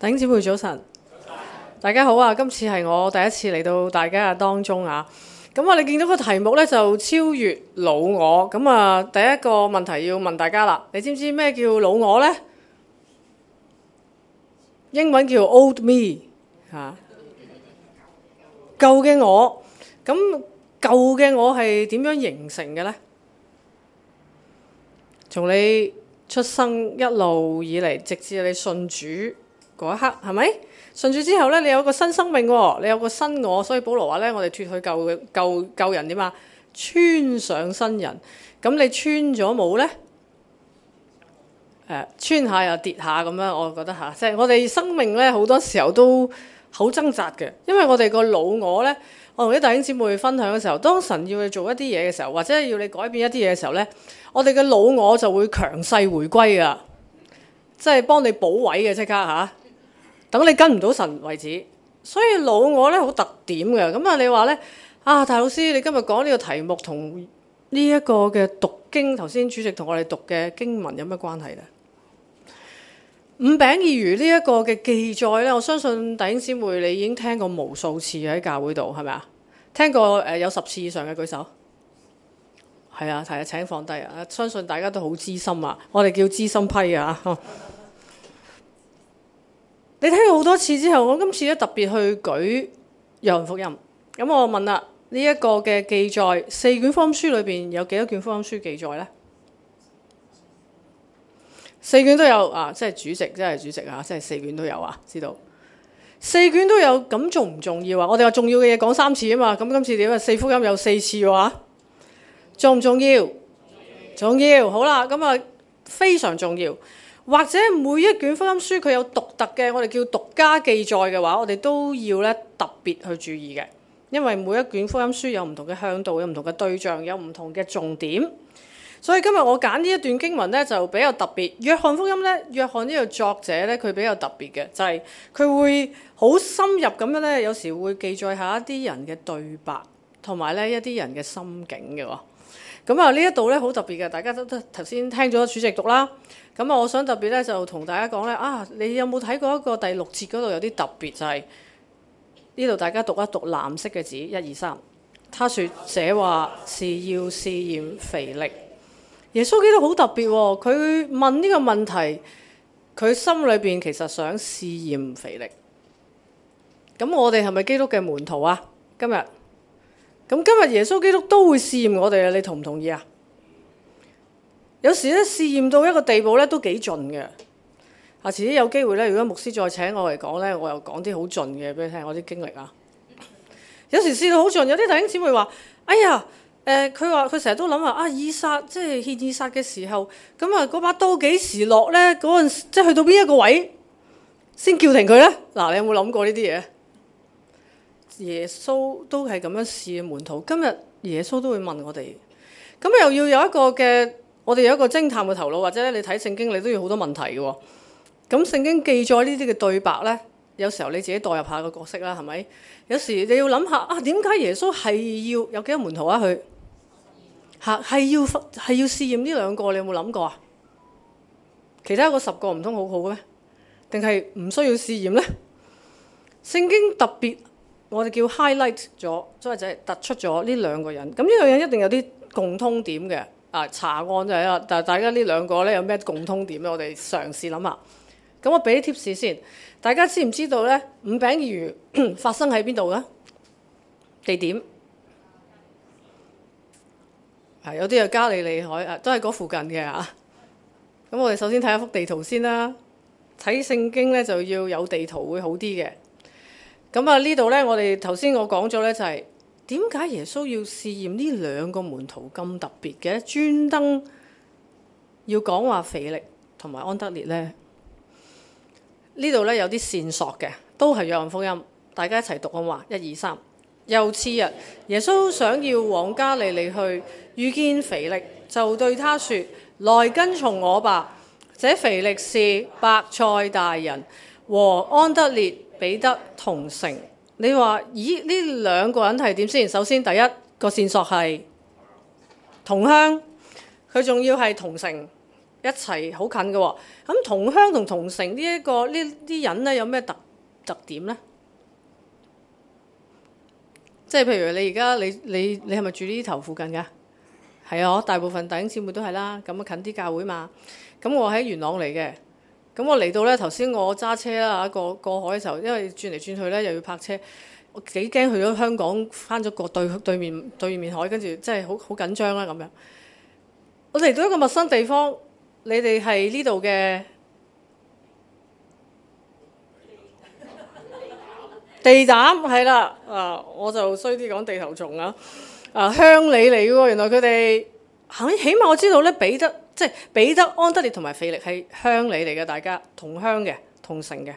弟兄姊妹早晨，大家好啊！今次係我第一次嚟到大家嘅當中啊。咁啊，你見到個題目呢就超越老我。咁啊，第一個問題要問大家啦。你知唔知咩叫老我呢？英文叫 old me 吓，舊嘅我。咁舊嘅我係點樣形成嘅呢？從你出生一路以嚟，直至你信主。嗰一刻係咪順住之後咧？你有個新生命喎、哦，你有個新我，所以保羅話咧：我哋脫去舊嘅舊人點啊，穿上新人。咁你穿咗冇咧？誒、呃，穿下又跌下咁樣，我覺得吓。即、就、係、是、我哋生命咧好多時候都好掙扎嘅，因為我哋個老我咧，我同啲弟兄姊妹分享嘅時候，當神要你做一啲嘢嘅時候，或者要你改變一啲嘢嘅時候咧，我哋嘅老我就會強勢回歸啊，即、就、係、是、幫你補位嘅即刻嚇。啊等你跟唔到神為止，所以老我呢好特點嘅。咁、嗯、啊，你話呢？啊，大老師，你今日講呢個題目同呢一個嘅讀經，頭先主席同我哋讀嘅經文有咩關係呢？五餅二魚呢一個嘅記載呢，我相信弟兄姊妹你已經聽過無數次喺教會度，係咪啊？聽過誒、呃、有十次以上嘅舉手，係啊，係啊，請放低啊！相信大家都好資深啊，我哋叫資深批啊！哦你睇過好多次之後，我今次咧特別去舉《約翰福音》咁，我問啦，呢一個嘅記載，四卷福音書裏邊有幾多卷福音書記載咧？四卷都有啊，即係主席，即係主席啊，即係四卷都有啊，知道四卷都有咁重唔重要啊？我哋話重要嘅嘢講三次啊嘛，咁今次點啊？四福音有四次嘅、啊、話，重唔重要？重要，好啦，咁啊，非常重要。或者每一卷福音書佢有獨特嘅，我哋叫獨家記載嘅話，我哋都要咧特別去注意嘅，因為每一卷福音書有唔同嘅向度，有唔同嘅對象，有唔同嘅重點，所以今日我揀呢一段經文咧，就比較特別。約翰福音咧，約翰呢個作者咧，佢比較特別嘅就係佢會好深入咁樣咧，有時會記載下一啲人嘅對白，同埋咧一啲人嘅心境嘅咁啊，呢一度呢好特別嘅，大家都都頭先聽咗主席讀啦。咁啊，我想特別呢，就同大家講呢。啊，你有冇睇過一個第六節嗰度有啲特別，就係呢度大家讀一讀藍色嘅字，一二三。他說這話是要試驗腓力。耶穌基督好特別，佢問呢個問題，佢心裏邊其實想試驗腓力。咁我哋係咪基督嘅門徒啊？今日？咁今日耶穌基督都會試驗我哋啊！你同唔同意啊？有時咧試驗到一個地步咧都幾盡嘅。啊，遲啲有機會咧，如果牧師再請我嚟講咧，我又講啲好盡嘅俾你聽，我啲經歷啊。有時試到好盡，有啲弟兄姊妹話，哎呀，誒、呃，佢話佢成日都諗話啊，以撒即係獻以撒嘅時候，咁啊嗰把刀幾時落咧？嗰陣即係去到邊一個位先叫停佢咧？嗱，你有冇諗過呢啲嘢？耶穌都係咁樣試嘅門徒。今日耶穌都會問我哋，咁又要有一個嘅，我哋有一個偵探嘅頭腦，或者你睇聖經，你都要好多問題嘅喎。咁聖經記載呢啲嘅對白呢，有時候你自己代入下個角色啦，係咪？有時你要諗下啊，點解耶穌係要有幾多門徒啊？佢嚇係要係要試驗呢兩個，你有冇諗過啊？其他嗰十個唔通好好嘅咩？定係唔需要試驗呢？聖經特別。我哋叫 highlight 咗，即係即係突出咗呢兩個人。咁呢兩個人一定有啲共通點嘅。啊，查案就係啦，但係大家呢兩個咧有咩共通點咧？我哋嘗試諗下。咁我俾啲 tips 先。大家知唔知道咧？五餅魚發生喺邊度咧？地點啊，有啲啊加利利海啊，都係嗰附近嘅嚇。咁我哋首先睇一幅地圖先啦。睇聖經咧就要有地圖會好啲嘅。咁啊，呢度呢，我哋頭先我講咗呢，就係點解耶穌要試驗呢兩個門徒咁特別嘅，專登要講話腓力同埋安德烈呢？呢度呢，有啲線索嘅，都係約翰福音，大家一齊讀啊嘛、嗯！一二三。又次日，耶穌想要往加利利去，遇見腓力，就對他說：來跟從我吧。這腓力是伯賽大人和安德烈。彼得同城，你話咦？呢兩個人係點先？首先第一個線索係同鄉，佢仲要係同城，一齊好近嘅，哦。咁同鄉同同城，這個、呢一個呢啲人咧，有咩特特點咧？即係譬如你而家你你你係咪住呢頭附近㗎？係啊，大部分弟兄姐妹都係啦。咁啊，近啲教會嘛。咁我喺元朗嚟嘅。咁我嚟到呢頭先，我揸車啦嚇，過過海嘅時候，因為轉嚟轉去呢又要泊車，我幾驚去咗香港，翻咗過對對面對面海，跟住真係好好緊張啦咁樣。我嚟到一個陌生地方，你哋係呢度嘅地膽係啦，啊我就衰啲講地頭蟲啊，啊鄉里嚟喎，原來佢哋。起碼我知道咧，彼得即係彼得，安德烈同埋腓力係鄉里嚟嘅，大家同鄉嘅，同城嘅。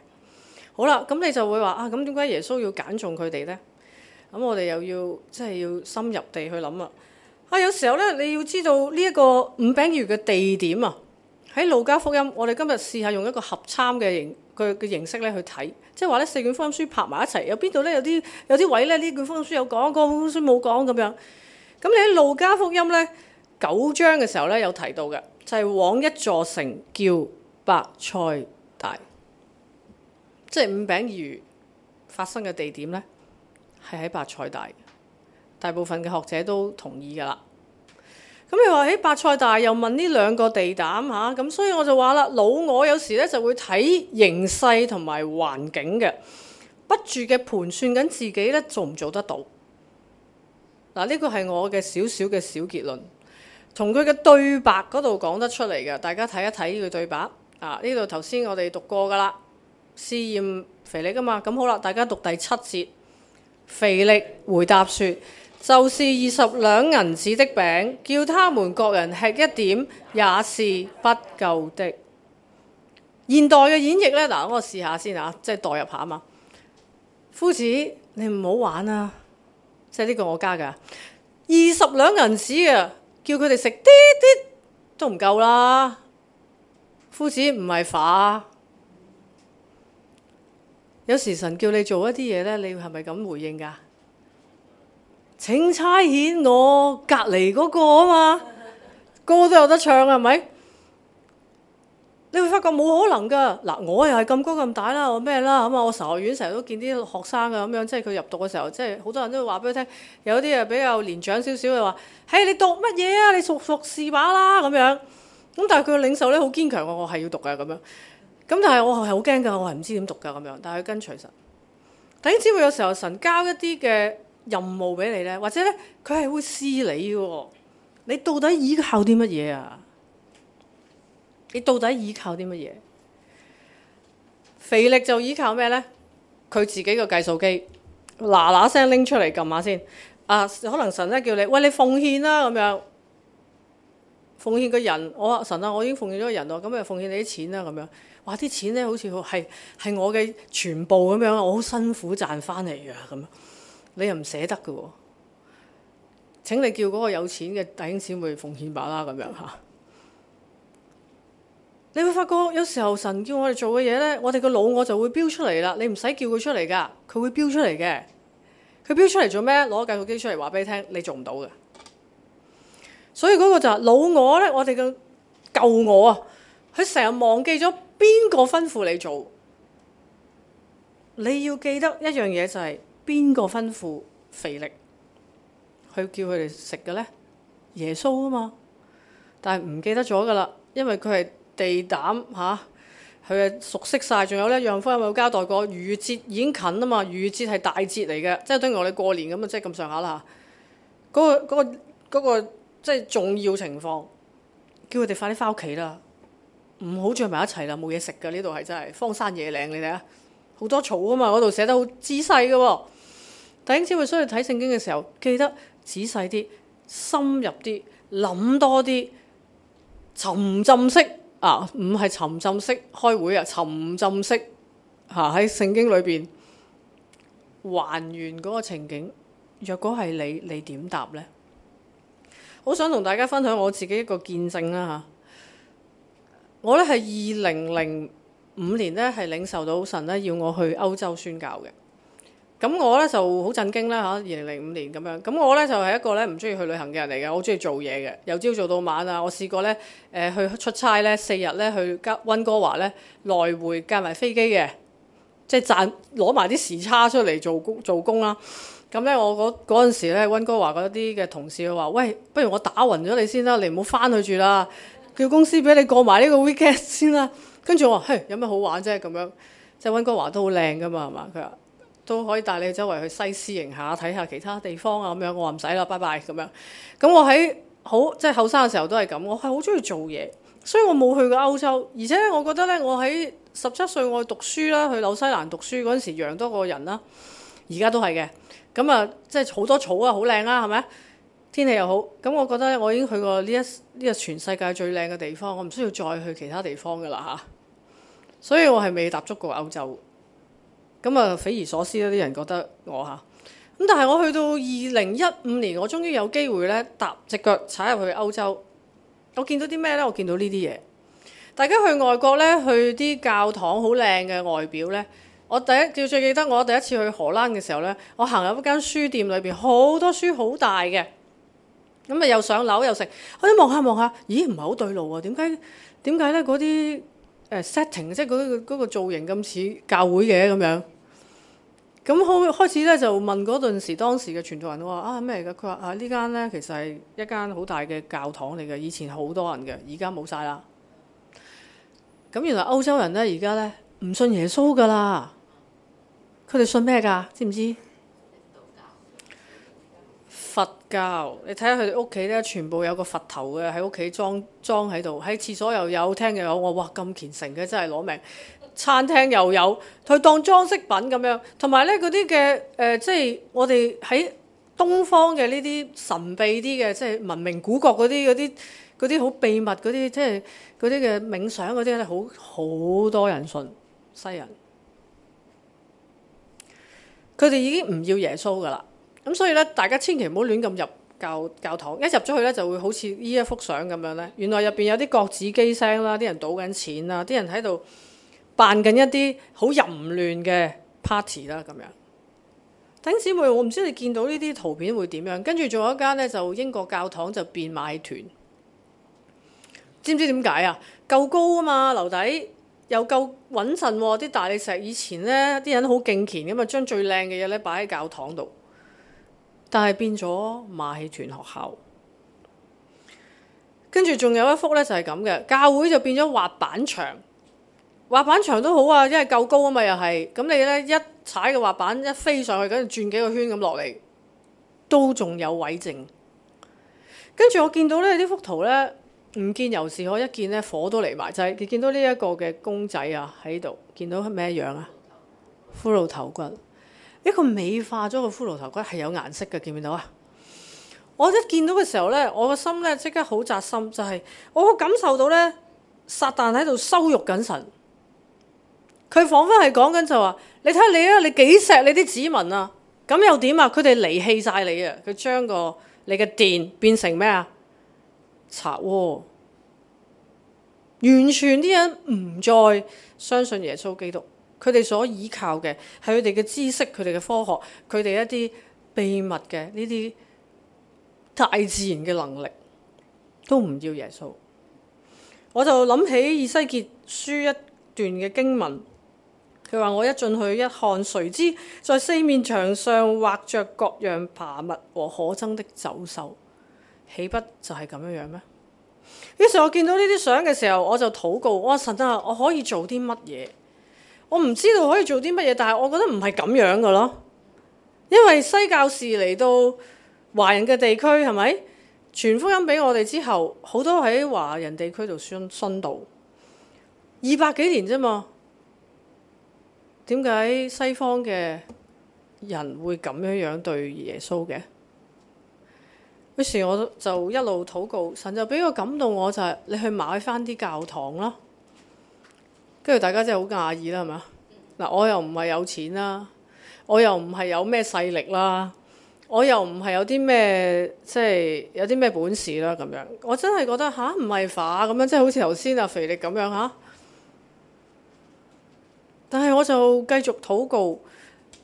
好啦，咁你就會話啊，咁點解耶穌要揀中佢哋咧？咁我哋又要即係要深入地去諗啊！啊，有時候咧，你要知道呢一個五餅魚嘅地點啊。喺路加福音，我哋今日試下用一個合參嘅形嘅嘅形式咧去睇，即係話咧四卷福音書拍埋一齊，有邊度咧有啲有啲位咧呢卷福音書有講，嗰本福音書冇講咁樣。咁你喺路加福音咧？呢九章嘅時候呢，有提到嘅就係、是、往一座城叫伯賽大，即係五餅二魚發生嘅地點呢，係喺伯賽大。大部分嘅學者都同意噶啦。咁、嗯、你話喺伯賽大又問呢兩個地膽吓。咁、啊，所以我就話啦，老我有時呢，就會睇形勢同埋環境嘅，不住嘅盤算緊自己呢，做唔做得到嗱？呢、嗯這個係我嘅少少嘅小結論。同佢嘅對白嗰度講得出嚟嘅，大家睇一睇呢個對白啊！呢度頭先我哋讀過噶啦，試驗腓力噶嘛，咁好啦，大家讀第七節。腓力回答說：就是二十兩銀子的餅，叫他們各人吃一點，也是不夠的。現代嘅演繹呢，嗱、啊，我試下先啊，即係代入下啊嘛。夫子，你唔好玩啊！即係呢個我加噶，二十兩銀子啊！叫佢哋食啲啲都唔夠啦，夫子唔係法。有時神叫你做一啲嘢呢，你係咪咁回應噶？請差遣我隔離嗰個啊嘛，歌都有得唱啊，係咪？你會發覺冇可能㗎！嗱，我又係咁高咁大啦，我咩啦咁啊！我神學院成日都見啲學生啊，咁樣即係佢入讀嘅時候，即係好多人都會話俾佢聽。有啲啊比較年長少少嘅話：係你讀乜嘢啊？你試試把啦咁樣。咁但係佢嘅領袖咧好堅強㗎，我係要讀㗎咁樣。咁但係我係好驚㗎，我係唔知點讀㗎咁樣。但係佢跟隨神。點知會有時候神交一啲嘅任務俾你咧，或者咧佢係會試你喎？你到底依靠啲乜嘢啊？你到底依靠啲乜嘢？腓力就依靠咩呢？佢自己個計數機嗱嗱聲拎出嚟撳下先。啊，可能神咧叫你，喂，你奉獻啦咁樣。奉獻個人，我話神啊，我已經奉獻咗個人咯，咁咪奉獻你啲錢啦咁樣。哇，啲錢咧好似係係我嘅全部咁樣，我好辛苦賺翻嚟噶咁樣，你又唔捨得嘅喎？請你叫嗰個有錢嘅弟兄姊妹奉獻把啦咁樣嚇。你會發覺有時候神叫我哋做嘅嘢呢，我哋個老我就會飆出嚟啦。你唔使叫佢出嚟噶，佢會飆出嚟嘅。佢飆出嚟做咩？攞計數機出嚟話俾你聽，你做唔到嘅。所以嗰個就係老我呢，我哋嘅舊我啊，佢成日忘記咗邊個吩咐你做。你要記得一樣嘢就係邊個吩咐腓力去叫佢哋食嘅呢，耶穌啊嘛，但係唔記得咗噶啦，因為佢係。地膽吓，佢啊熟悉晒。仲有呢，楊方有冇交代過？逾節已經近啦嘛，逾節係大節嚟嘅，即係等於我哋過年咁啊，即係咁上下啦嚇。嗰、嗰個、嗰個嗰個、即係重要情況，叫佢哋快啲翻屋企啦，唔好聚埋一齊啦，冇嘢食嘅呢度係真係荒山野嶺。你睇下，好多草啊嘛，嗰度寫得好仔細嘅、哦。弟兄姊妹，需要睇聖經嘅時候，記得仔細啲、深入啲、諗多啲、沉浸式。啊！唔係沉浸式開會啊！沉浸式嚇，喺聖經裏邊還原嗰個情景。若果係你，你點答呢？好想同大家分享我自己一個見證啦，啊，我呢係二零零五年呢，係領受到神呢要我去歐洲宣教嘅。咁我咧就好震驚啦嚇，二零零五年咁樣。咁我咧就係一個咧唔中意去旅行嘅人嚟嘅，我好中意做嘢嘅，由朝做到晚啊。我試過咧，誒去出差咧四日咧去溫哥華咧來回加埋飛機嘅，即係賺攞埋啲時差出嚟做工做工啦。咁咧我嗰嗰陣時咧溫哥華嗰啲嘅同事話：喂，不如我打暈咗你先啦，你唔好翻去住啦，叫公司俾你過埋呢個 weekend 先啦。跟住我話：嘿，有咩好玩啫？咁樣即係溫哥華都好靚噶嘛，係嘛？佢話。都可以帶你周圍去西施營下，睇下其他地方啊咁樣，我話唔使啦，拜拜咁樣。咁我喺好即係後生嘅時候都係咁，我係好中意做嘢，所以我冇去過歐洲。而且我覺得咧，我喺十七歲我去讀書啦，去紐西蘭讀書嗰陣時養多個人啦，而家都係嘅。咁啊，即係好多草啊，好靚啊，係咪？天氣又好。咁我覺得咧，我已經去過呢一，呢個全世界最靚嘅地方，我唔需要再去其他地方噶啦嚇。所以我係未踏足過歐洲。咁啊，匪夷所思啦！啲人覺得我吓咁，但係我去到二零一五年，我終於有機會咧，踏隻腳踩入去歐洲。我見到啲咩咧？我見到呢啲嘢。大家去外國咧，去啲教堂好靚嘅外表咧。我第一叫最記得我第一次去荷蘭嘅時候咧，我行入一間書店裏邊，好多書好大嘅。咁啊，又上樓又食，我一望下望下，咦？唔係好對路啊？點解？點解咧？嗰啲誒 setting 即係嗰個造型咁似教會嘅咁樣？咁好開始咧，就問嗰陣時，當時嘅傳道人，都話啊，咩嚟㗎？佢話啊呢間呢，其實係一間好大嘅教堂嚟嘅，以前好多人嘅，而家冇晒啦。咁原來歐洲人呢，而家呢，唔信耶穌㗎啦，佢哋信咩㗎？知唔知？佛教。你睇下佢哋屋企呢，全部有個佛頭嘅喺屋企裝裝喺度，喺廁所又有廳又有我，哇咁虔誠嘅，真係攞命。餐廳又有，佢當裝飾品咁樣，同埋咧嗰啲嘅誒，即係我哋喺東方嘅呢啲神秘啲嘅，即係文明古國嗰啲嗰啲啲好秘密嗰啲，即係嗰啲嘅冥想嗰啲咧，好好多人信，西人，佢哋已經唔要耶穌噶啦，咁所以咧，大家千祈唔好亂咁入教教堂，一入咗去咧就會好似呢一幅相咁樣咧，原來入邊有啲角子機聲啦，啲人賭緊錢啦，啲人喺度。扮緊一啲好淫亂嘅 party 啦，咁樣。等姊妹，我唔知你見到呢啲圖片會點樣。跟住仲有一間呢，就英國教堂就變馬戲團。知唔知點解啊？夠高啊嘛，樓底又夠穩陣喎、啊。啲大理石以前呢，啲人好敬虔咁啊，將最靚嘅嘢呢擺喺教堂度。但係變咗馬戲團學校。跟住仲有一幅呢，就係咁嘅，教會就變咗滑板場。滑板場都好啊，因為夠高啊嘛，又係咁你呢一踩個滑板一飛上去，跟住轉幾個圈咁落嚟，都仲有位剩。跟住我見到咧呢幅圖呢，唔見尤士可，一見呢火都嚟埋劑。你、就是、見到呢一個嘅公仔啊喺度，見到咩樣啊？骷髏頭骨，一個美化咗嘅骷髏頭骨係有顏色嘅，見唔見到啊？我一見到嘅時候呢，我個心呢即刻好扎心，就係、是、我感受到呢，撒旦喺度羞辱緊神。佢彷彿係講緊就話：你睇下你，你，你啊，你幾錫你啲子民啊？咁又點啊？佢哋離棄晒你啊！佢將個你嘅殿變成咩啊？賊窩！完全啲人唔再相信耶穌基督，佢哋所依靠嘅係佢哋嘅知識、佢哋嘅科學、佢哋一啲秘密嘅呢啲大自然嘅能力，都唔要耶穌。我就諗起以西結書一段嘅經文。佢話：我一進去一看，誰知在四面牆上畫着各樣爬物和可憎的走獸，豈不就係咁樣咩？於是，我見到呢啲相嘅時候，我就禱告：我話神啊，我可以做啲乜嘢？我唔知道可以做啲乜嘢，但係我覺得唔係咁樣嘅咯。因為西教士嚟到華人嘅地區係咪傳福音俾我哋之後，好多喺華人地區度宣宣道，二百幾年啫嘛。點解西方嘅人會咁樣樣對耶穌嘅？於是我就一路禱告，神就俾個感動，我就係、是、你去買翻啲教堂啦。跟住大家真係好訝異啦，係咪？嗱，我又唔係有錢啦，我又唔係有咩勢力啦，我又唔係有啲咩即係有啲咩本事啦，咁樣我真係覺得吓唔係法咁樣，即係好似頭先阿肥力咁樣吓。啊但係我就繼續禱告，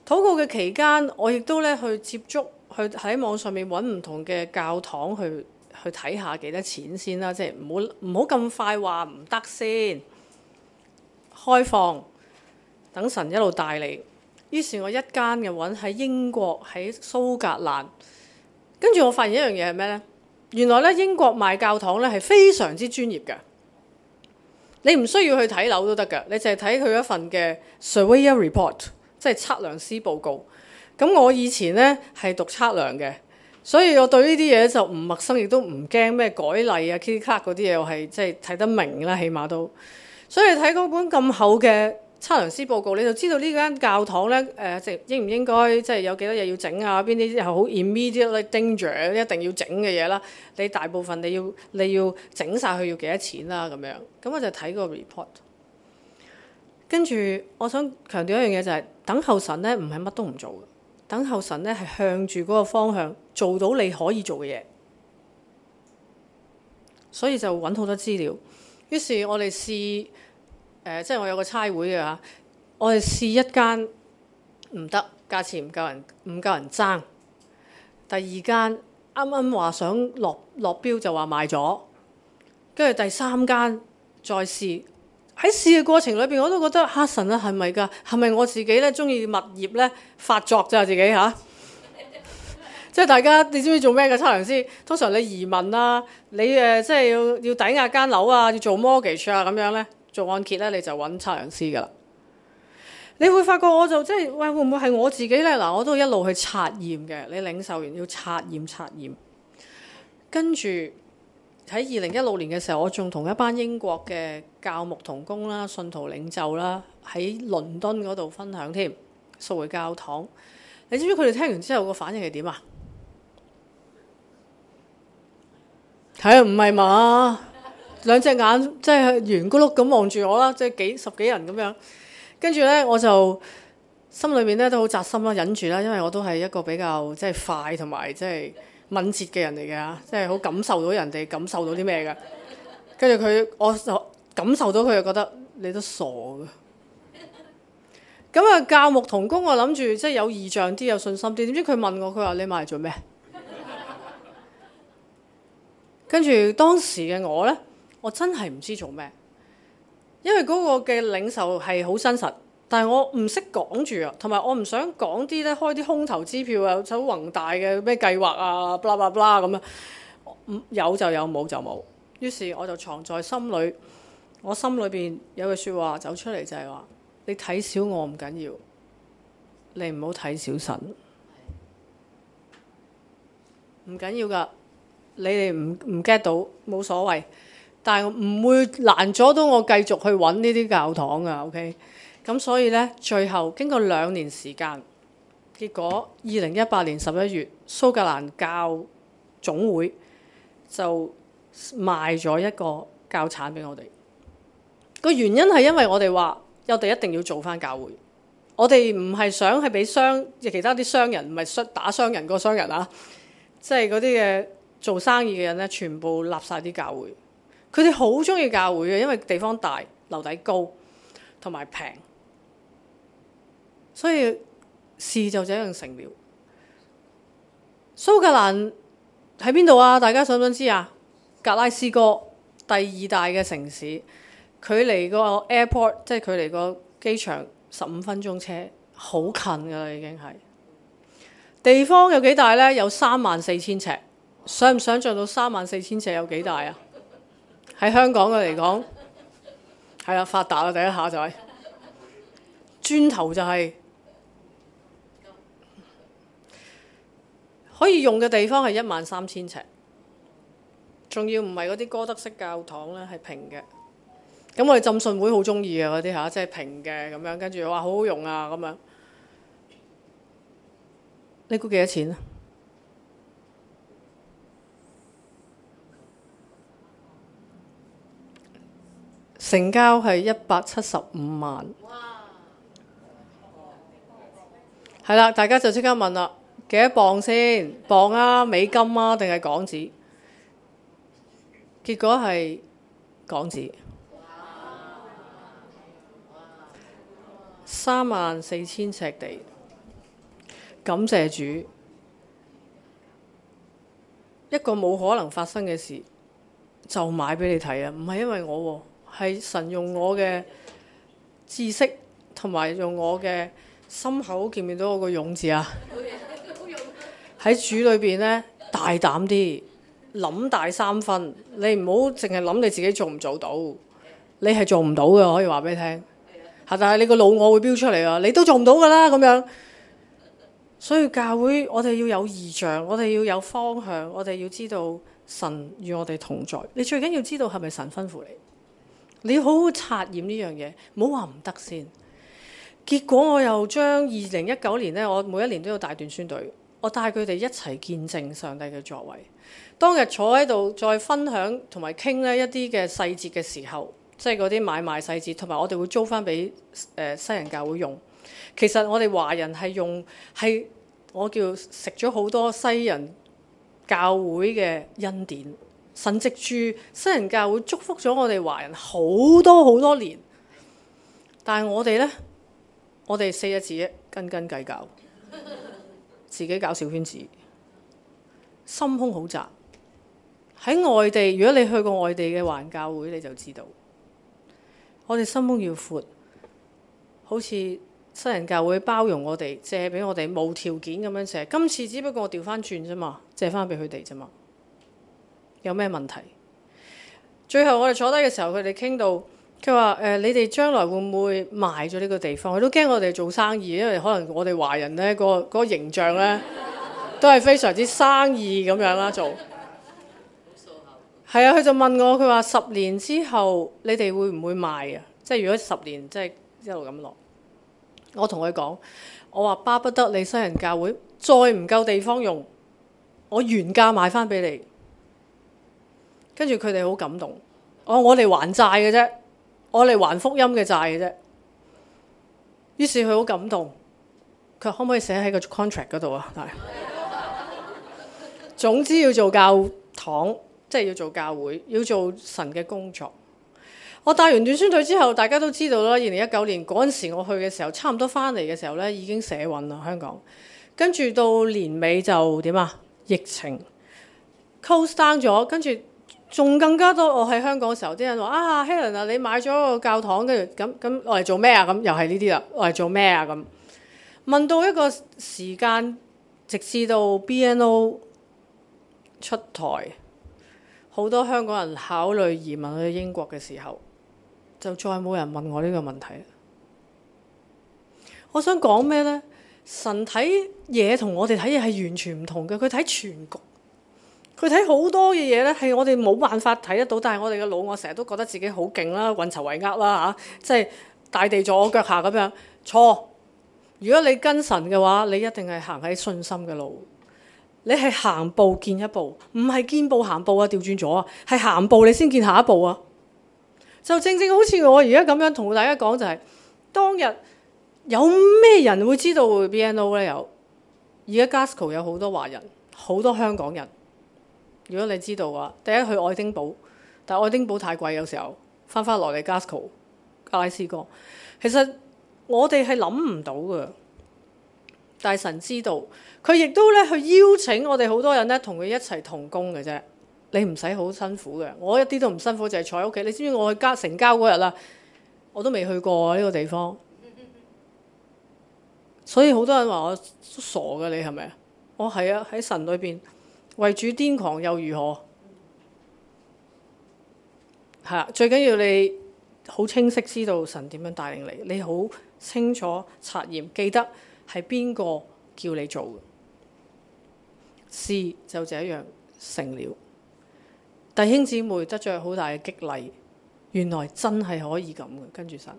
禱告嘅期間，我亦都咧去接觸，去喺網上面揾唔同嘅教堂去去睇下幾多錢先啦，即係唔好唔好咁快話唔得先，開放，等神一路帶你。於是，我一間嘅揾喺英國喺蘇格蘭，跟住我發現一樣嘢係咩呢？原來咧英國賣教堂咧係非常之專業嘅。你唔需要去睇樓都得㗎，你淨係睇佢一份嘅 Surveyor Report，即係測量師報告。咁我以前呢係讀測量嘅，所以我對呢啲嘢就唔陌生，亦都唔驚咩改例啊、K T 卡嗰啲嘢，我係即係睇得明啦，起碼都。所以睇嗰本咁厚嘅。測量師報告你就知道呢間教堂呢，誒、呃，即係應唔應該，即係有幾多嘢要整啊？邊啲係好 immediately danger 一定要整嘅嘢啦？你大部分你要你要整晒、啊，佢要幾多錢啦？咁樣咁我就睇個 report，跟住我想強調一樣嘢就係等候神呢，唔係乜都唔做，等候神呢，係向住嗰個方向做到你可以做嘅嘢，所以就揾好多資料，於是我哋試。誒、呃，即係我有個猜會嘅我哋試一間唔得，價錢唔夠人，唔夠人爭。第二間啱啱話想落落標就話賣咗，跟住第三間再試。喺試嘅過程裏邊，我都覺得黑、啊、神啊，係咪㗎？係咪我自己咧中意物業咧發作咋自己吓？啊、 即係大家你知唔知做咩嘅測量師？通常你移民啊，你誒、呃、即係要要抵押間樓啊，要做 mortgage 啊咁樣咧。做按揭咧，你就揾測量師㗎喇。你會發覺我就即係喂，會唔會係我自己呢？嗱，我都一路去測驗嘅。你領受完要測驗測驗，跟住喺二零一六年嘅時候，我仲同一班英國嘅教牧同工啦、信徒領袖啦，喺倫敦嗰度分享添，掃回教堂。你知唔知佢哋聽完之後個反應係點啊？睇下唔係嘛？兩隻眼即係圓咕碌咁望住我啦，即係幾十幾人咁樣。跟住呢，我就心裏面咧都好扎心啦，忍住啦，因為我都係一個比較即係快同埋即係敏捷嘅人嚟嘅，即係好感受到人哋感受到啲咩嘅。跟住佢，我感受到佢又覺得你都傻咁啊，教牧同工，我諗住即係有異象啲，有信心啲。點知佢問我，佢話你埋嚟做咩？跟住當時嘅我呢。我真係唔知做咩，因為嗰個嘅領袖係好真實，但係我唔識講住啊，同埋我唔想講啲咧開啲空頭支票啊，好宏大嘅咩計劃啊 bla bla bla 咁啊，有就有，冇就冇。於是我就藏在心裏。我心裏邊有句説話走出嚟就係話：你睇小我唔緊要，你唔好睇小神，唔緊要㗎，你哋唔唔 get 到冇所謂。但係唔會難阻到我繼續去揾呢啲教堂㗎。OK，咁所以呢，最後經過兩年時間，結果二零一八年十一月，蘇格蘭教總會就賣咗一個教產俾我哋。個原因係因為我哋話，我哋一定要做翻教會，我哋唔係想係俾商即係其他啲商人，唔係打商人個商人啊，即係嗰啲嘅做生意嘅人呢，全部立晒啲教會。佢哋好中意教會嘅，因為地方大、樓底高同埋平，所以事就這樣成了。蘇格蘭喺邊度啊？大家想唔想知啊？格拉斯哥第二大嘅城市，距離個 airport 即係距離個機場十五分鐘車，好近㗎啦，已經係。地方有幾大呢？有三萬四千尺，想唔想像到三萬四千尺有幾大啊？喺香港嘅嚟講，係啦 發達啦，第一下就係、是，磚頭就係、是、可以用嘅地方係一萬三千尺，仲要唔係嗰啲歌德式教堂呢，係平嘅，咁我哋浸信會好中意啊嗰啲嚇，即係、就是、平嘅咁樣，跟住話好好用啊咁樣，你估幾多錢啊？成交係一百七十五萬，係啦，大家就即刻問啦，幾多磅先？磅啊，美金啊，定係港紙？結果係港紙，三萬四千尺地，感謝主，一個冇可能發生嘅事，就買俾你睇啊！唔係因為我喎，啊。係神用我嘅知識同埋用我嘅心口見唔見到我個勇字啊？喺 主裏邊呢，大膽啲，諗大三分。你唔好淨係諗你自己做唔做到，你係做唔到嘅，可以話俾你聽。係但係你個老我會飆出嚟啊！你都做唔到㗎啦，咁樣。所以教會我哋要有異象，我哋要有方向，我哋要知道神與我哋同在。你最緊要知道係咪神吩咐你？你好好察驗呢樣嘢，唔好話唔得先。結果我又將二零一九年呢，我每一年都有帶短宣隊，我帶佢哋一齊見證上帝嘅作為。當日坐喺度再分享同埋傾呢一啲嘅細節嘅時候，即係嗰啲買賣細節，同埋我哋會租翻俾誒西人教會用。其實我哋華人係用，係我叫食咗好多西人教會嘅恩典。神藉住新人教會祝福咗我哋華人好多好多年，但係我哋呢，我哋四個字一，斤斤計較，自己搞小圈子，心胸好窄。喺外地，如果你去過外地嘅華人教會，你就知道，我哋心胸要闊，好似新人教會包容我哋，借俾我哋無條件咁樣借。今次只不過調翻轉啫嘛，借返俾佢哋啫嘛。有咩問題？最後我哋坐低嘅時候，佢哋傾到，佢話：誒、呃，你哋將來會唔會賣咗呢個地方？佢都驚我哋做生意，因為可能我哋華人呢、嗰個嗰、嗰個、形象呢， 都係非常之生意咁樣啦，做。係 啊，佢就問我，佢話：十年之後，你哋會唔會賣啊？即係如果十年即係、就是、一路咁落，我同佢講，我話巴不得你西人教會再唔夠地方用，我原價賣翻俾你。跟住佢哋好感動，我，我哋還債嘅啫，我哋還，還福音嘅債嘅啫。於是佢好感動，佢可唔可以寫喺個 contract 嗰度啊？ 總之要做教堂，即係要做教會，要做神嘅工作。我帶完短宣隊之後，大家都知道啦。二零一九年嗰陣時我去嘅時候，差唔多翻嚟嘅時候呢，已經寫混啦香港。跟住到年尾就點啊？疫情，close down 咗，跟住。仲更加多，我喺香港時候，啲人話啊，Helen 啊，Helen, 你買咗個教堂，跟住咁咁，我嚟做咩啊？咁又係呢啲啦，我嚟做咩啊？咁問到一個時間，直至到 BNO 出台，好多香港人考慮移民去英國嘅時候，就再冇人問我呢個問題。我想講咩咧？神睇嘢同我哋睇嘢係完全唔同嘅，佢睇全局。佢睇好多嘅嘢呢，係我哋冇辦法睇得到，但係我哋嘅腦，我成日都覺得自己好勁啦，運籌帷幄啦嚇，即係大地在我腳下咁樣錯。如果你跟神嘅話，你一定係行喺信心嘅路。你係行步見一步，唔係見步行步啊！調轉咗啊，係行步你先見下一步啊。就正正好似我而家咁樣同大家講、就係，就係當日有咩人會知道 B N O 呢？有而家 Glasgow 有好多華人，好多香港人。如果你知道啊，第一去愛丁堡，但愛丁堡太貴，有時候翻翻落嚟 Glasgow，格拉斯哥。其實我哋係諗唔到噶，但係神知道，佢亦都咧去邀請我哋好多人咧同佢一齊同工嘅啫。你唔使好辛苦嘅，我一啲都唔辛苦，就係坐喺屋企。你知唔知我去加成交嗰日啦？我都未去過啊呢個地方，所以好多人話我傻嘅，你係咪啊？我係啊，喺神裏邊。為主癲狂又如何？係啦，最緊要你好清晰知道神點樣帶領你，你好清楚察驗，記得係邊個叫你做嘅事，就這樣成了。弟兄姊妹得咗好大嘅激勵，原來真係可以咁嘅，跟住神。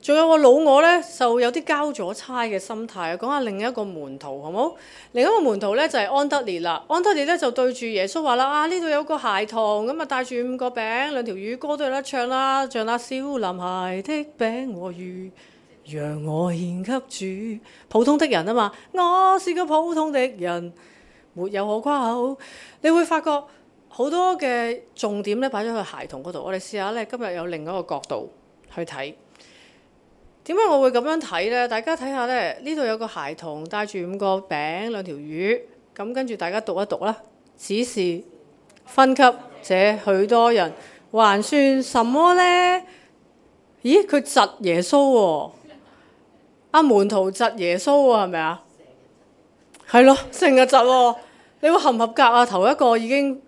仲有個老我呢，就有啲交咗差嘅心態。講下另一個門徒，好冇？另一個門徒呢，就係安德烈啦。安德烈呢，就對住耶穌話啦：啊，呢度有個孩童咁啊，帶住五個餅兩條魚，歌都有得唱啦！像那小男孩的餅和魚，讓我獻給主。普通的人啊嘛，我係個普通的人，沒有何誇口。你會發覺好多嘅重點呢，擺咗去孩童嗰度。我哋試下呢，今日有另一個角度去睇。點解我會咁樣睇呢？大家睇下呢，呢度有個孩童帶住五個餅兩條魚，咁跟住大家讀一讀啦。只是分給這許多人，還算什麼呢？咦，佢窒耶穌喎、哦！啊，門徒窒耶穌喎、哦，係咪啊？係 咯，成日窒喎， 你話合唔合格啊？頭一個已經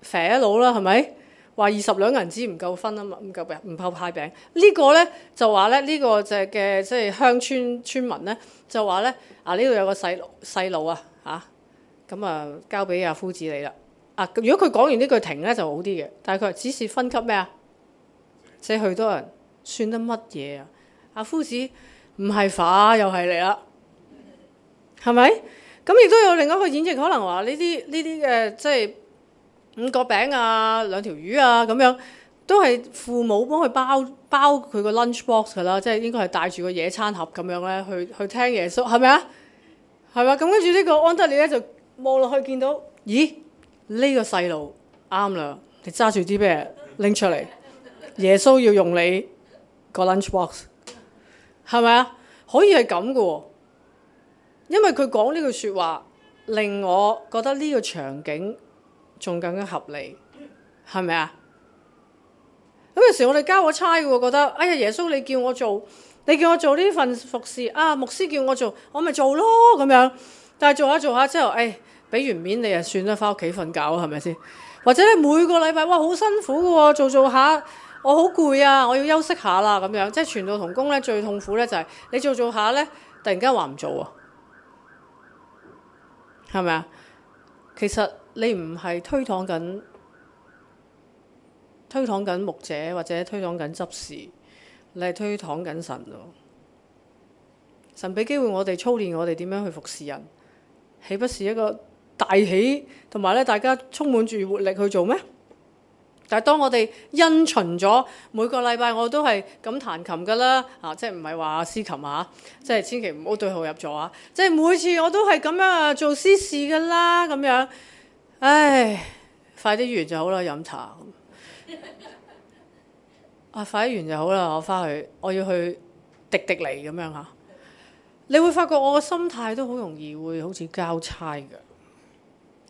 肥佬啦，係咪？話二十兩銀子唔夠分啊嘛，唔夠餅，唔夠派餅。這個、呢，呢、這個咧就話咧，呢個只嘅即係鄉村村民咧，就話咧啊，呢度有個細細路啊嚇，咁啊，啊交俾阿夫子你啦。啊，如果佢講完呢句停咧就好啲嘅，但係佢話只是分給咩啊？即係許多人算得乜嘢啊？阿夫子唔係法，又係你啦，係咪？咁亦都有另一個演繹，可能話呢啲呢啲嘅即係。五個餅啊，兩條魚啊，咁樣都係父母幫佢包包佢個 lunch box 噶啦，即係應該係帶住個野餐盒咁樣咧去去聽耶穌，係咪啊？係嘛？咁跟住呢個安德烈咧就望落去見到，咦？呢個細路啱啦，你揸住啲咩拎出嚟？耶穌要用你個 lunch box，係咪啊？可以係咁噶？因為佢講呢句說話，令我覺得呢個場景。仲更加合理，係咪啊？咁有時我哋交個差嘅，我覺得哎呀，耶穌你叫我做，你叫我做呢份服侍啊，牧師叫我做，我咪做咯咁樣。但係做下做下之後，哎，俾完面你啊，算啦，翻屋企瞓覺係咪先？或者你每個禮拜哇，好辛苦嘅，做做下，我好攰啊，我要休息下啦咁樣。即係全道同工咧，最痛苦咧就係你做做下咧，突然間話唔做啊，係咪啊？其實。你唔係推搪緊推搪緊牧者，或者推搪緊執事，你係推搪緊神咯。神俾機會我哋操練我哋點樣去服侍人，豈不是一個大喜？同埋咧，大家充滿住活力去做咩？但係當我哋因循咗每個禮拜，我都係咁彈琴噶啦，啊，即係唔係話詩琴啊？即係千祈唔好對號入座啊！即係每次我都係咁樣啊做詩事噶啦，咁樣。唉，快啲完就好啦，飲茶 啊，快完就好啦，我翻去，我要去迪迪尼咁樣吓。你會發覺我嘅心態都好容易會好似交差㗎，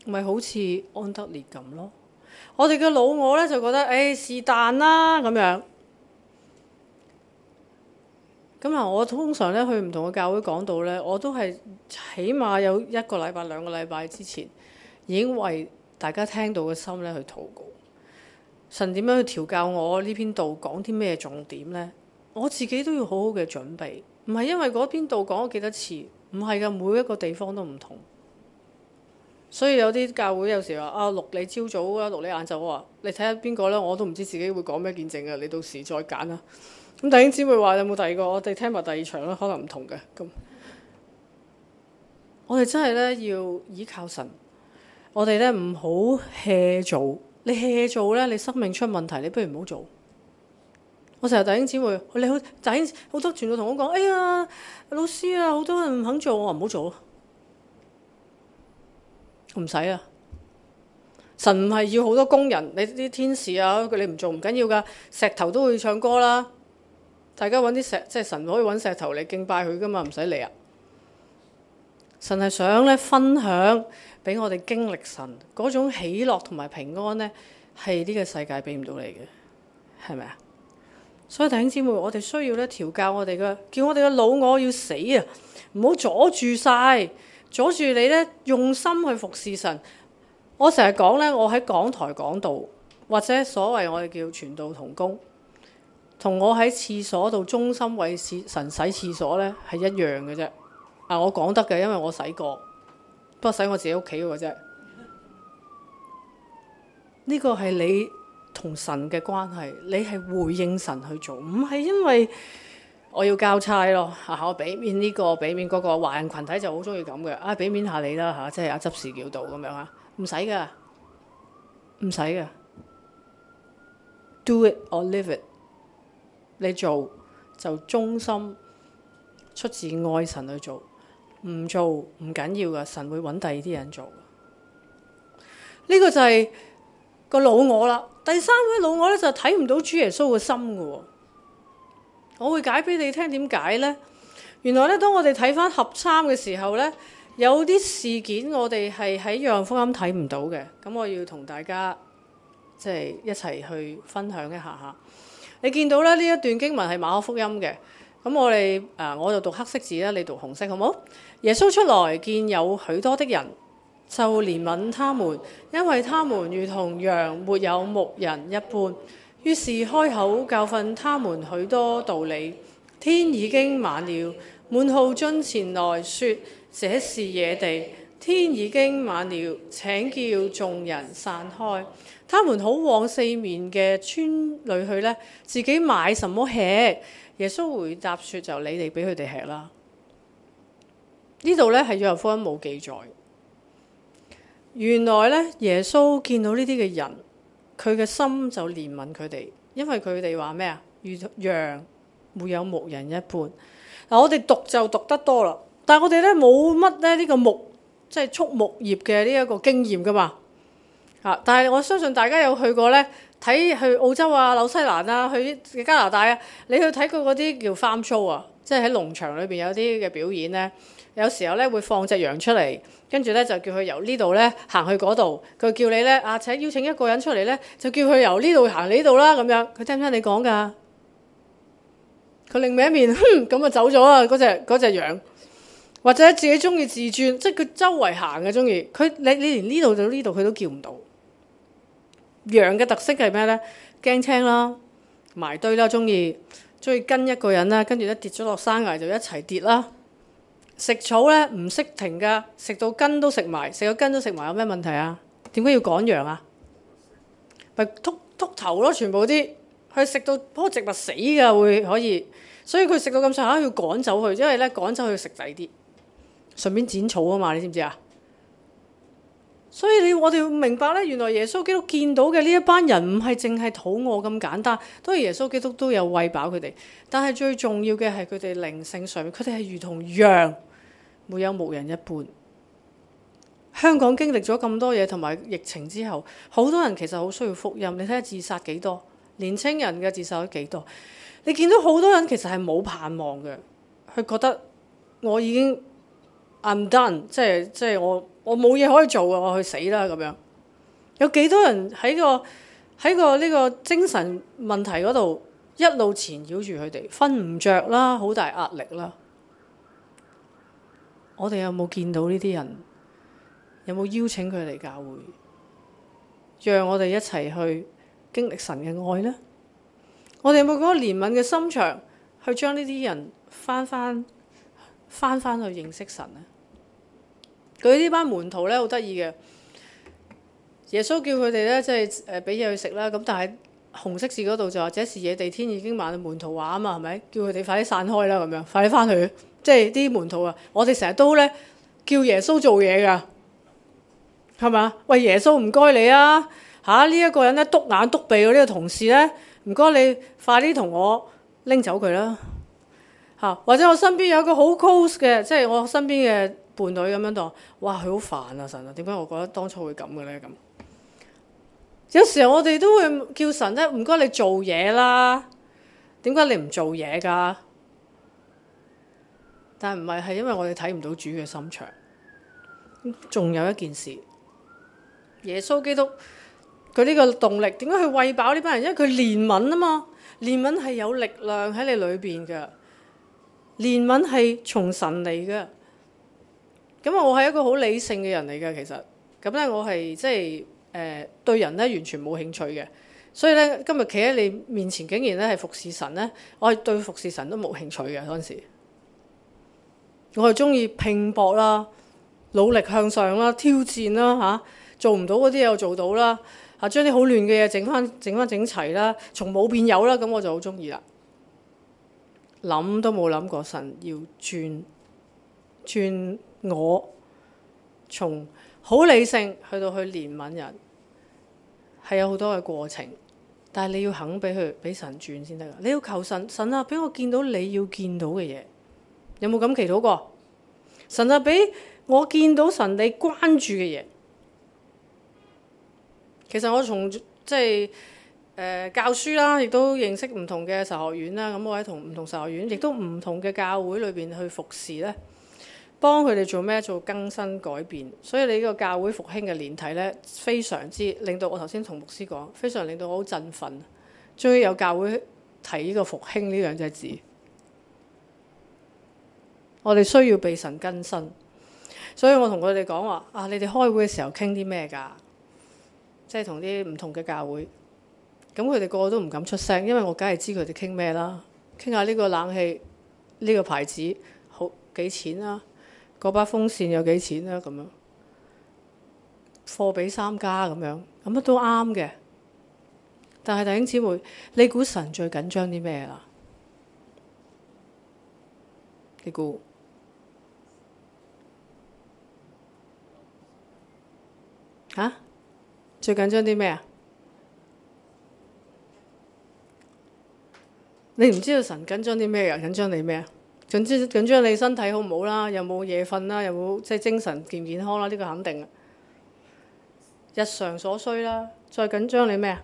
咪好似安德烈咁咯。我哋嘅老我呢，就覺得，唉、哎，是但啦咁樣。咁啊，我通常呢去唔同嘅教會講到呢，我都係起碼有一個禮拜兩個禮拜之前。已經為大家聽到嘅心咧去禱告，神點樣去調教我，呢篇道講啲咩重點呢？我自己都要好好嘅準備，唔係因為嗰篇道講咗幾多次，唔係㗎，每一個地方都唔同。所以有啲教會有時話啊，錄你朝早啊，錄你晏晝，我話你睇下邊個呢？我都唔知自己會講咩見證呀，你到時再揀啦。咁 弟兄姊妹話有冇第二個？我哋聽埋第二場啦，可能唔同嘅。咁我哋真係呢，要依靠神。我哋咧唔好 hea 做，你 hea 做咧，你生命出問題，你不如唔好做。我成日弟兄姊妹，你好弟兄好多，全部同我講：哎呀，老師啊，好多人唔肯做，我話唔好做啊，唔使啊。神唔係要好多工人，你啲天使啊，你唔做唔緊要噶，石頭都會唱歌啦。大家揾啲石，即係神可以揾石頭嚟敬拜佢噶嘛，唔使理啊。神係想咧分享。俾我哋經歷神嗰種喜樂同埋平安呢，係呢個世界俾唔到你嘅，係咪啊？所以弟兄姊妹，我哋需要咧調教我哋嘅，叫我哋嘅老我要死啊！唔好阻住晒，阻住你呢用心去服侍神。我成日講呢，我喺港台講道，或者所謂我哋叫傳道同工，同我喺廁所度忠心為神洗廁所呢，係一樣嘅啫。啊，我講得嘅，因為我洗過。我使我自己屋企嘅啫，呢、這個係你同神嘅關係，你係回應神去做，唔係因為我要交差咯。吓、啊，我俾面呢、這個，俾面嗰、那個華人群體就好中意咁嘅，啊俾面下你啦吓、啊，即係阿執事叫到咁樣啊，唔使噶，唔使噶，Do it or live it，你做就忠心出自愛神去做。唔做唔緊要噶，神會揾第二啲人做。呢、這個就係個老我啦。第三位老我呢，就睇唔到主耶穌嘅心噶。我會解俾你聽，點解呢？原來呢，當我哋睇翻，合參嘅時候呢，有啲事件我哋係喺約翰福音睇唔到嘅。咁我要同大家即係、就是、一齊去分享一下吓。你見到咧呢一段經文係馬可福音嘅。咁我哋啊，我就讀黑色字啦，你讀紅色好唔好？耶穌出來見有許多的人，就憐憫他們，因為他們如同羊沒有牧人一般。於是開口教訓他們許多道理。天已經晚了，滿號樽前來説，這是野地。天已經晚了，請叫眾人散開，他們好往四面嘅村裏去呢，自己買什麼吃。耶穌回答說：就你哋俾佢哋吃啦。呢度呢係《約翰福音》冇記載。原來呢，耶穌見到呢啲嘅人，佢嘅心就憐憫佢哋，因為佢哋話咩啊？如羊會有牧人一般。嗱，我哋讀就讀得多啦，但係我哋呢冇乜咧呢個牧，即係畜牧業嘅呢一個經驗噶嘛。但係我相信大家有去過呢。睇去澳洲啊、紐西蘭啊、去加拿大啊，你去睇佢嗰啲叫 farm show 啊，即係喺農場裏邊有啲嘅表演咧，有時候咧會放隻羊出嚟，跟住咧就叫佢由呢度咧行去嗰度，佢叫你咧啊，請邀請一個人出嚟咧，就叫佢由呢度行呢度啦，咁樣佢聽唔聽你講噶？佢另一面哼，咁啊走咗啊，嗰隻嗰隻羊，或者自己中意自轉，即係佢周圍行嘅中意，佢你你連呢度到呢度佢都叫唔到。羊嘅特色係咩呢？驚青啦，埋堆啦，中意中意跟一個人啦，跟住咧跌咗落山崖就一齊跌啦。食草呢，唔識停㗎，食到根都食埋，食到根都食埋，有咩問題啊？點解要趕羊啊？咪禿禿頭咯，全部啲佢食到棵植物死㗎，會可以，所以佢食到咁細，嚇要趕走佢，因為呢，趕走佢食抵啲，順便剪草啊嘛，你知唔知啊？所以你我哋要明白咧，原來耶穌基督見到嘅呢一班人唔係淨係肚餓咁簡單，都係耶穌基督都有餵飽佢哋。但係最重要嘅係佢哋靈性上面，佢哋係如同羊沒有牧人一般。香港經歷咗咁多嘢同埋疫情之後，好多人其實好需要福音。你睇下自殺幾多，年青人嘅自殺都幾多。你見到好多人其實係冇盼望嘅，佢覺得我已經 I'm done，即係即係我。我冇嘢可以做啊！我去死啦咁樣。有幾多人喺個喺個呢個精神問題嗰度一路纏繞住佢哋，瞓唔着啦，好大壓力啦。我哋有冇見到呢啲人？有冇邀請佢嚟教會，讓我哋一齊去經歷神嘅愛呢？我哋有冇嗰個憐憫嘅心腸去將呢啲人翻翻翻翻去認識神呢？佢呢班門徒咧好得意嘅，耶穌叫佢哋咧即係誒俾嘢佢食啦，咁但係紅色字嗰度就或者是野地天已經晚到門徒話啊嘛，係咪？叫佢哋快啲散開啦，咁樣快啲翻去。即係啲門徒啊，我哋成日都咧叫耶穌做嘢噶，係咪？喂，耶穌唔該你啊！吓、啊，呢、這、一個人咧篤眼篤鼻我呢、這個同事咧，唔該你快啲同我拎走佢啦吓，或者我身邊有一個好 close 嘅，即係我身邊嘅。伴侶咁樣當，哇！佢好煩啊，神啊！點解我覺得當初會咁嘅呢？咁有時候我哋都會叫神咧，唔該你做嘢啦，點解你唔做嘢噶？但係唔係係因為我哋睇唔到主嘅心腸。仲有一件事，耶穌基督佢呢個動力點解去餵飽呢班人？因為佢憐憫啊嘛，憐憫係有力量喺你裏邊嘅，憐憫係從神嚟嘅。因為、嗯、我係一個好理性嘅人嚟㗎，其實咁咧我係即係誒、呃、對人咧完全冇興趣嘅，所以咧今日企喺你面前，竟然咧係服侍神咧，我係對服侍神都冇興趣嘅嗰陣時，我係中意拼搏啦、努力向上啦、挑戰啦嚇、啊，做唔到嗰啲又做到啦，嚇將啲好亂嘅嘢整翻整翻整齊啦，從冇變有啦，咁我就好中意啦，諗都冇諗過神要轉。轉我從好理性，去到去憐憫人，係有好多嘅過程，但係你要肯俾佢俾神轉先得噶。你要求神，神啊，俾我見到你要見到嘅嘢，有冇咁祈禱過？神啊，俾我見到神你關注嘅嘢。其實我從即係誒、呃、教書啦，亦都認識唔同嘅神學院啦。咁我喺同唔同神學院，亦都唔同嘅教會裏邊去服侍咧。幫佢哋做咩？做更新改變，所以你呢個教會復興嘅年題呢，非常之令到我頭先同牧師講，非常令到我好振奮。終於有教會提呢個復興呢兩隻字，我哋需要被神更新。所以我同佢哋講話啊，你哋開會嘅時候傾啲咩㗎？即係同啲唔同嘅教會咁，佢哋個個都唔敢出聲，因為我梗係知佢哋傾咩啦，傾下呢個冷氣呢、呢個牌子好幾錢啦、啊。嗰把風扇有幾錢呢、啊？咁樣貨比三家咁樣，咁乜都啱嘅。但係弟兄姊妹，你估神最緊張啲咩啊？你估吓？最緊張啲咩啊？你唔知道神緊張啲咩又緊張你咩啊？總之緊張你身體好唔好啦，有冇夜瞓啦，有冇即係精神健唔健康啦？呢個肯定啊，日常所需啦，再緊張你咩啊？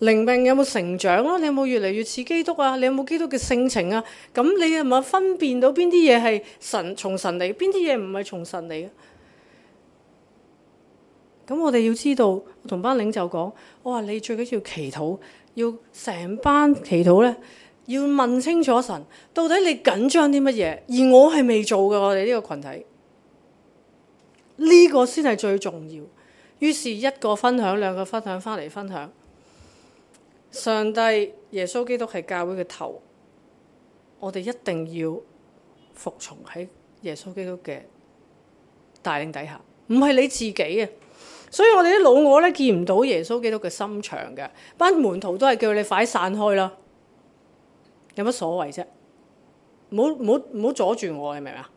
靈命有冇成長咯？你有冇越嚟越似基督啊？你有冇基督嘅性情啊？咁你係咪分辨到邊啲嘢係神從神嚟，邊啲嘢唔係從神嚟？咁我哋要知道，我同班領袖講，我話你最緊要祈禱，要成班祈禱咧。要問清楚神，到底你緊張啲乜嘢？而我係未做嘅，我哋呢個群體呢、呢個先係最重要。於是，一個分享，兩個分享翻嚟分享。上帝、耶穌基督係教會嘅頭，我哋一定要服從喺耶穌基督嘅帶領底下，唔係你自己啊！所以我哋啲老我呢，見唔到耶穌基督嘅心腸嘅班門徒都係叫你快散開啦。有乜所謂啫？唔好唔好唔好阻住我，你明唔明啊？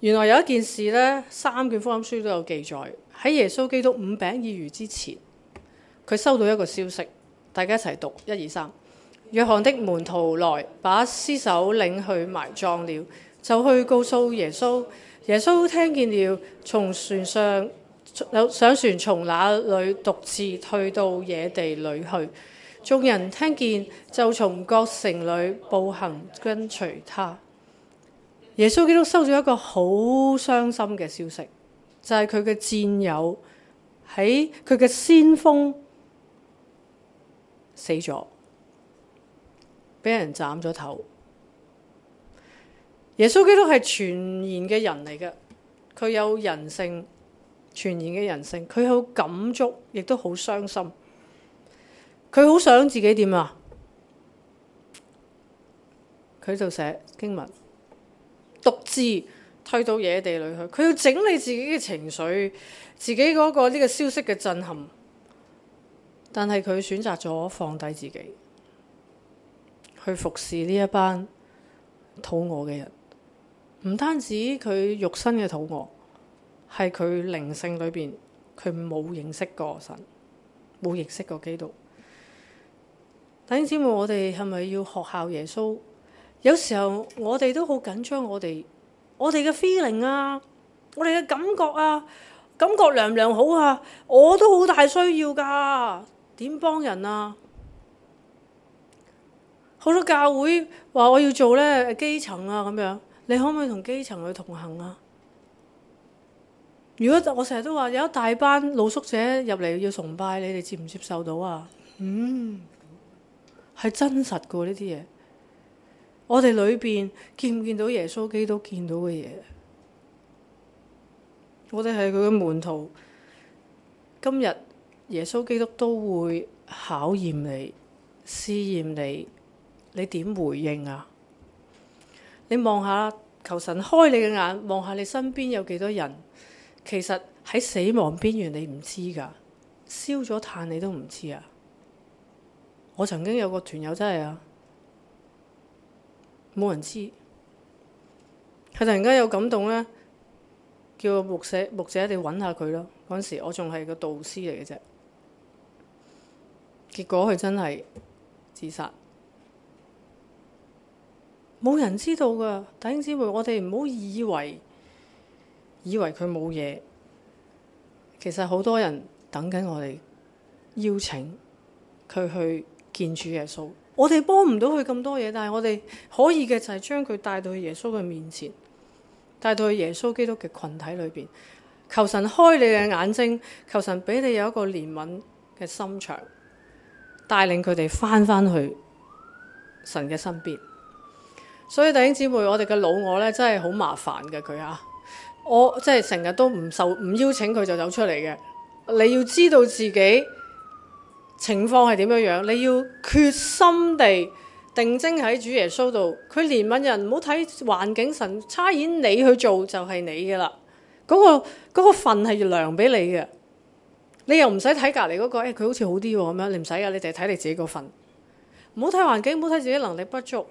原來有一件事呢，三卷福音書都有記載喺耶穌基督五餅二魚之前，佢收到一個消息，大家一齊讀一二三。約翰 的門徒來把屍首領去埋葬了，就去告訴耶穌。耶穌聽見了，從船上上船從那裏獨自退到野地裏去。眾人聽見，就從各城裏步行跟隨他。耶穌基督收咗一個好傷心嘅消息，就係佢嘅戰友喺佢嘅先鋒死咗，俾人斬咗頭。耶穌基督係全然嘅人嚟嘅，佢有人性，全然嘅人性，佢好感觸，亦都好傷心。佢好想自己點啊！佢就寫經文，獨自退到野地裏去。佢要整理自己嘅情緒，自己嗰個呢個消息嘅震撼。但係佢選擇咗放低自己，去服侍呢一班肚餓嘅人。唔單止佢肉身嘅肚餓，係佢靈性裏邊，佢冇認識過神，冇認識過基督。弟兄姊妹，我哋係咪要學效耶穌？有時候我哋都好緊張，我哋我哋嘅 feeling 啊，我哋嘅感覺啊，感覺良唔良好啊，我都好大需要㗎，點幫人啊？好多教會話我要做呢基層啊，咁樣，你可唔可以同基層去同行啊？如果我成日都話有一大班露宿者入嚟要崇拜，你哋接唔接受到啊？嗯。係真實過呢啲嘢，我哋裏邊見唔見到耶穌基督見到嘅嘢？我哋係佢嘅門徒，今日耶穌基督都會考驗你、試驗你，你點回應啊？你望下，求神開你嘅眼，望下你身邊有幾多人？其實喺死亡邊緣，你唔知噶，燒咗炭你都唔知啊！我曾經有個團友真係啊，冇人知，佢突然間有感動呢，叫牧者，牧者你揾下佢咯。嗰陣時我仲係個導師嚟嘅啫，結果佢真係自殺，冇人知道㗎。弟兄姊妹，我哋唔好以為以為佢冇嘢，其實好多人等緊我哋邀請佢去。見住耶穌，我哋幫唔到佢咁多嘢，但係我哋可以嘅就係將佢帶到去耶穌嘅面前，帶到去耶穌基督嘅群體裏邊，求神開你嘅眼睛，求神俾你有一個憐憫嘅心腸，帶領佢哋翻返去神嘅身邊。所以弟兄姊妹，我哋嘅老我呢，真係好麻煩嘅佢啊，我即係成日都唔受唔邀請佢就走出嚟嘅。你要知道自己。情況係點樣樣？你要決心地定睛喺主耶穌度。佢憐憫人，唔好睇環境神，神差遣你去做就係你嘅啦。嗰、那個嗰個份係量俾你嘅，你又唔使睇隔離嗰個。佢、哎、好似好啲咁樣，你唔使噶，你哋睇你自己個份。唔好睇環境，唔好睇自己能力不足。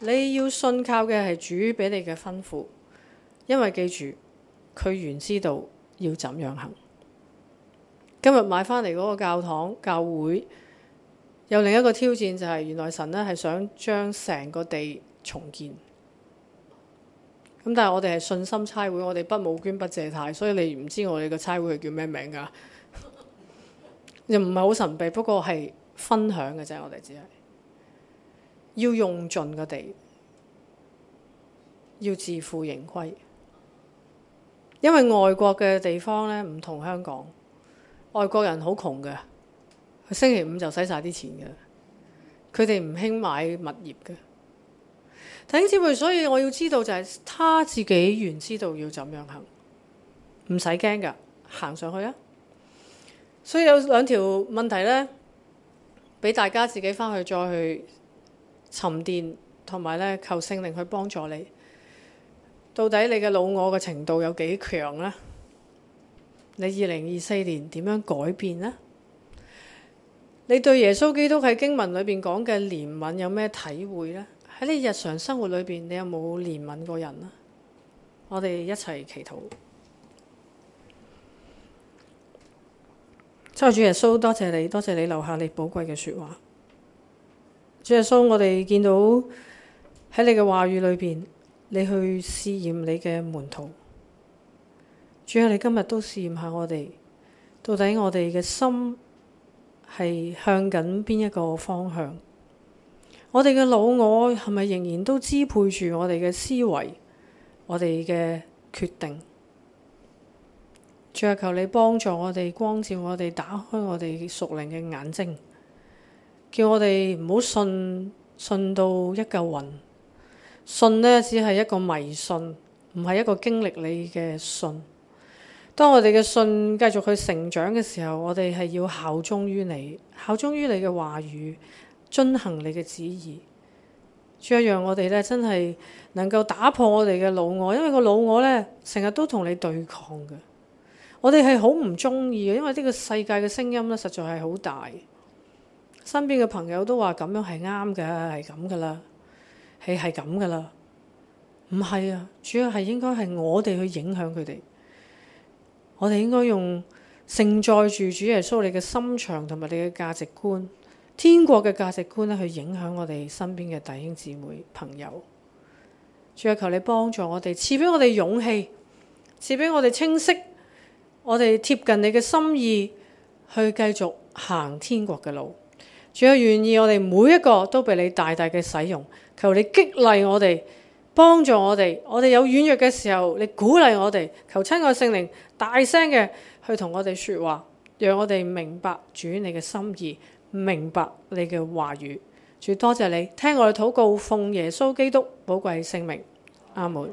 你要信靠嘅係主俾你嘅吩咐，因為記住，佢原知道要怎樣行。今日買返嚟嗰個教堂教會有另一個挑戰，就係、是、原來神呢係想將成個地重建。咁但係我哋係信心差會，我哋不募捐不借貸，所以你唔知我哋個差會係叫咩名㗎，又唔係好神秘。不過係分享嘅啫，我哋只係要用盡個地，要自負盈虧，因為外國嘅地方呢唔同香港。外國人好窮嘅，星期五就使晒啲錢嘅，佢哋唔興買物業嘅。弟兄姊妹，所以我要知道就係他自己原知道要怎樣行，唔使驚噶，行上去啊！所以有兩條問題呢，俾大家自己返去再去沉澱，同埋呢，靠聖靈去幫助你，到底你嘅老我嘅程度有幾強呢？你二零二四年點樣改變呢？你對耶穌基督喺經文裏面講嘅憐憫有咩體會呢？喺你日常生活裏邊，你有冇憐憫過人呢？我哋一齊祈禱。親愛的主耶穌，多謝你，多謝你留下你寶貴嘅說話。主耶穌，我哋見到喺你嘅話語裏邊，你去試驗你嘅門徒。主啊！有你今日都試驗下我哋，到底我哋嘅心係向緊邊一個方向？我哋嘅老我係咪仍然都支配住我哋嘅思維、我哋嘅決定？祈求你幫助我哋，光照我哋，打開我哋屬靈嘅眼睛，叫我哋唔好信，信到一嚿雲。信呢，只係一個迷信，唔係一個經歷你嘅信。當我哋嘅信繼續去成長嘅時候，我哋係要效忠於你，效忠於你嘅話語，遵行你嘅旨意。主要讓我哋咧，真係能夠打破我哋嘅老我，因為個老我呢，成日都同你對抗嘅。我哋係好唔中意嘅，因為呢個世界嘅聲音呢，實在係好大。身邊嘅朋友都話咁樣係啱嘅，係咁噶啦，係係咁噶啦。唔係啊，主要係應該係我哋去影響佢哋。我哋應該用承載住主耶穌你嘅心腸同埋你嘅價值觀、天國嘅價值觀咧，去影響我哋身邊嘅弟兄姊妹、朋友。主啊，求你幫助我哋，賜俾我哋勇氣，賜俾我哋清晰，我哋貼近你嘅心意，去繼續行天國嘅路。主啊，願意我哋每一個都被你大大嘅使用。求你激勵我哋，幫助我哋。我哋有軟弱嘅時候，你鼓勵我哋。求親愛聖靈。大聲嘅去同我哋說話，讓我哋明白主你嘅心意，明白你嘅話語。主多謝你聽我哋禱告，奉耶穌基督寶貴聖名，阿門。